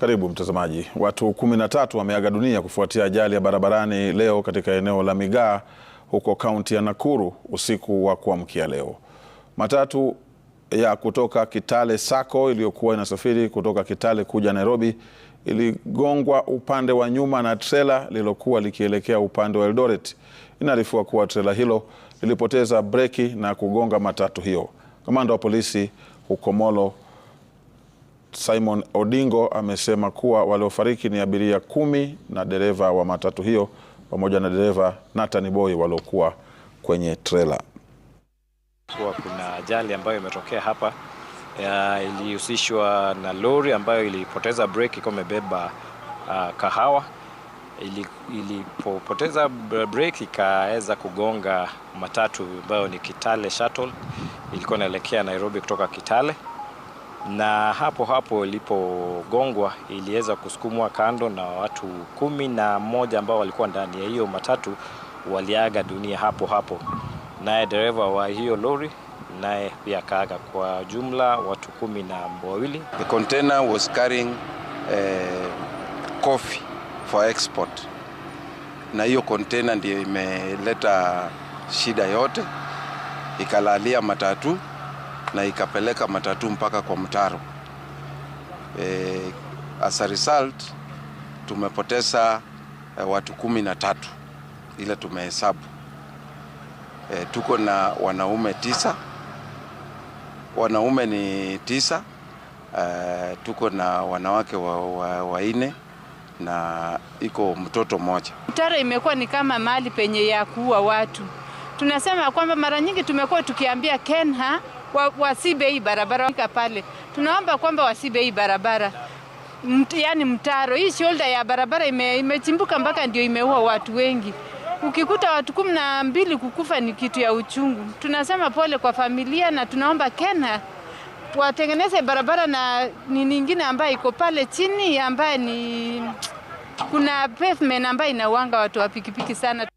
Karibu mtazamaji. Watu kumi na tatu wameaga dunia kufuatia ajali ya barabarani leo katika eneo la Migaa huko kaunti ya Nakuru usiku wa kuamkia leo. Matatu ya kutoka Kitale Sacco iliyokuwa inasafiri kutoka Kitale kuja Nairobi iligongwa upande wa nyuma na trela lililokuwa likielekea upande wa Eldoret. Inaarifiwa kuwa trela hilo lilipoteza breki na kugonga matatu hiyo. Kamanda wa polisi huko Molo Simon Odingo amesema kuwa waliofariki ni abiria kumi na dereva wa matatu hiyo pamoja na dereva Nathan Boy waliokuwa kwenye trela. Kwa kuna ajali ambayo imetokea hapa ilihusishwa na lori ambayo ilipoteza breki ikiwa imebeba uh, kahawa. Ilipopoteza breki ikaweza kugonga matatu ambayo ni Kitale Shuttle, ilikuwa inaelekea Nairobi kutoka Kitale na hapo hapo ilipogongwa iliweza kusukumwa kando na watu kumi na mmoja ambao walikuwa ndani ya hiyo matatu waliaga dunia hapo hapo, naye dereva wa hiyo lori naye pia akaaga. Kwa jumla watu kumi na wawili. The container was carrying uh, coffee for export, na hiyo container ndio imeleta shida yote, ikalalia matatu na ikapeleka matatu mpaka kwa mtaro. E, as a result tumepoteza e, watu kumi na tatu ile tumehesabu. E, tuko na wanaume tisa, wanaume ni tisa. E, tuko na wanawake wa, wa, wa na iko mtoto mmoja. Mtaro imekuwa ni kama mali penye ya kuua watu. Tunasema kwamba mara nyingi tumekuwa tukiambia Kenha wa, wasibe hii barabara pale. Tunaomba kwamba wasibe hii barabara Mt, yani mtaro hii shoulder ya barabara ime, imechimbuka mpaka ndio imeua watu wengi. Ukikuta watu kumi na mbili kukufa ni kitu ya uchungu. Tunasema pole kwa familia na tunaomba Kena watengeneze barabara na ni nyingine ambayo iko pale chini ambaye ni kuna pavement ambayo inawanga watu wa pikipiki sana.